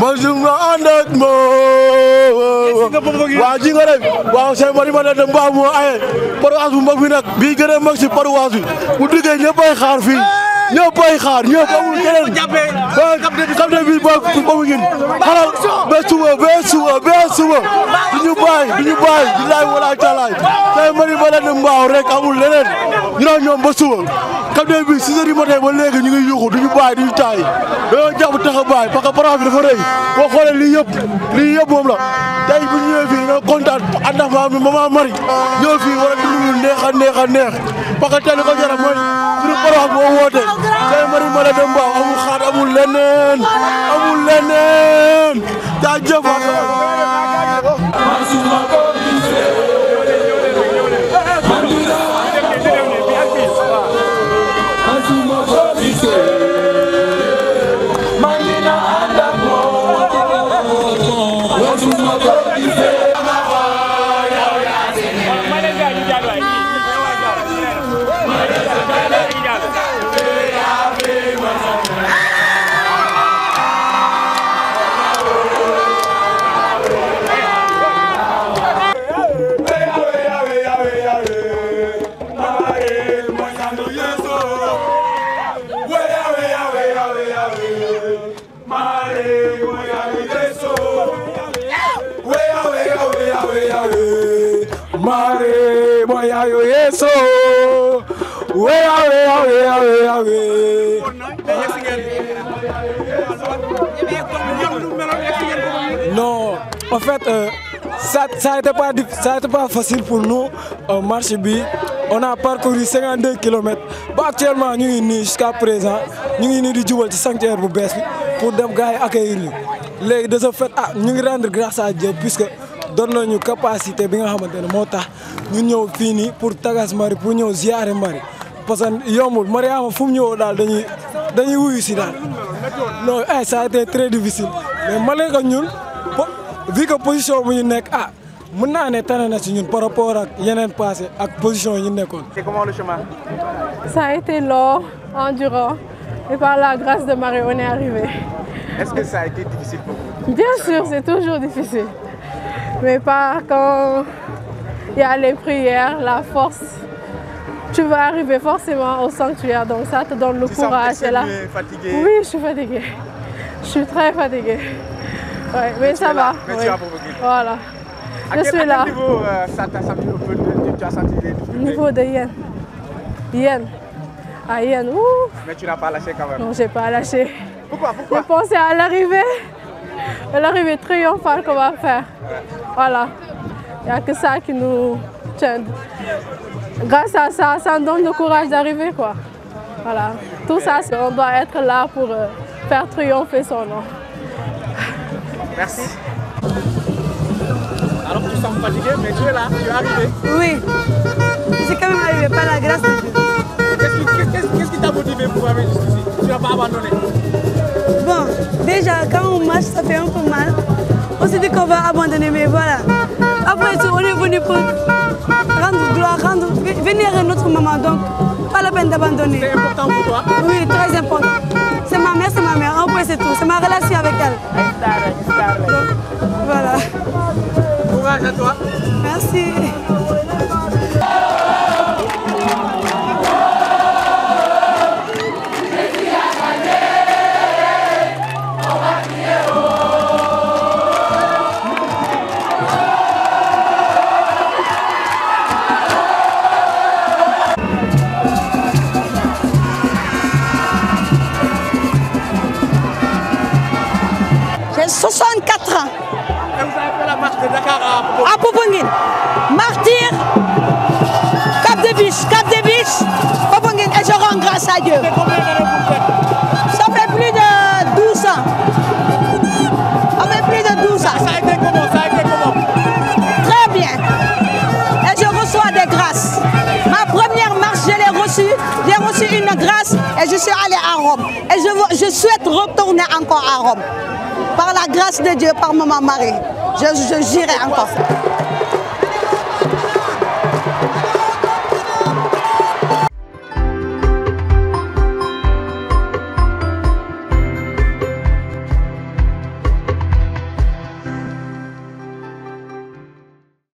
masuma ànd ak moom waa ji nga def waaw seen ma ne dem ba moo aye paroisse bu mag bi nag bii gën a mag si paroisse bi bu duggee xaar fii ñëpp bay xaar ñëpp amul keneen ba capitaine bi boo ko mu ngi xaral ba suba ba suba ba suba du ñu bàyyi du mari ma leen mbaaw rek amul leneen ñu ba suba capitaine bi six heures du matin ba léegi ñu ngi yuuxu du ñu bàyyi du ñu taay dañoo jàpp tax a bàyyi parce que parent bi dafa rëy lii yëpp lii yëpp moom la tey bu ñu ñëwee fii ñoo maam maman mari ñëw fii war a dund neex a neex a neex parce que tey li ko jaral mooy suñu مالا دمبا ابو خار ابو لنان ابو لنان تعجب الله mare boy ayo yeso we are we awe awe awe awe non en fait euh, ça ça n'était pas ça n'était pas facile pour nous en euh, marche bi on a parcouru 52 km Bah, actuellement nous sommes ni jusqu'à présent nous sommes ni di jubal sanctuaire pour bess pour dem gars accueillir Les deux en fait ah nous rendre grâce à Dieu puisque doon nañu capacité bi nga xamante ne moo tax ñu ñëw fii pour tagas mari pour ñëw ziare mari parce que yomul Mariama fu mu ñëwoo daal dañuy dañuy wuyu si daal non eh ça a été très difficile mais malgré que ñun vu que position bu ñu nekk ah mën naa ne tane na si ñun par rapport ak yeneen passé ak position yi ñu nekkoon. comment le chemin. ça a été long endurant et par la grâce de Marie on est arrivé. Est-ce que ça a été difficile pour vous Bien sûr, c'est toujours difficile. Mais pas quand il y a les prières, la force. Tu vas arriver forcément au sanctuaire, donc ça te donne le courage. Tu es Fatiguée. Oui, je suis fatiguée. Je suis très fatiguée. mais, ça va. voilà. je suis là. Quel niveau de, euh, tu as senti de yen. Yen. Ah yen. Ouh. Mais tu n'as pas lâché quand même. Non, n'ai pas lâché. Pourquoi Pourquoi Je pensais à l'arrivée. Et l'arrivée triomphale qu'on va faire. Voilà. Il n'y a que ça qui nous tient. Grâce à ça, ça nous donne le courage d'arriver. quoi. Voilà. Tout ça, on doit être là pour euh, faire triompher son nom. Merci. Alors tu sens fatigué, mais tu es là, tu es arrivé. Oui. C'est quand même arrivé pas la grâce de Dieu. Qu'est-ce qui, t'a motivé pour arriver jusqu'ici Tu n'as pas abandonné déjà, quand on marche, ça fait un peu mal. On s'est dit qu'on va abandonner, mais voilà. Après tout, on est venu pour rendre gloire, rendre, venir à notre maman, donc pas la peine d'abandonner. C'est important pour toi Oui, très important. C'est ma mère, c'est ma mère, Après c'est tout. C'est ma relation avec elle. voilà. Courage à toi. Merci. 64 ans. Et vous avez fait la marche de Dakar à Poponguine. Martyr, Cap de Biche, Cap de Biche, Popongine. Et je rends grâce à Dieu. Ça fait plus de 12 ans. Ça fait plus de 12 ans. Ça a été comment Ça a été comment Très bien. Et je reçois des grâces. Ma première marche, je l'ai reçue. J'ai reçu une grâce et je suis allé à Rome. Et je, je souhaite retourner encore à Rome. Par la grâce de Dieu, par Maman Marie, je, je, j'irai encore.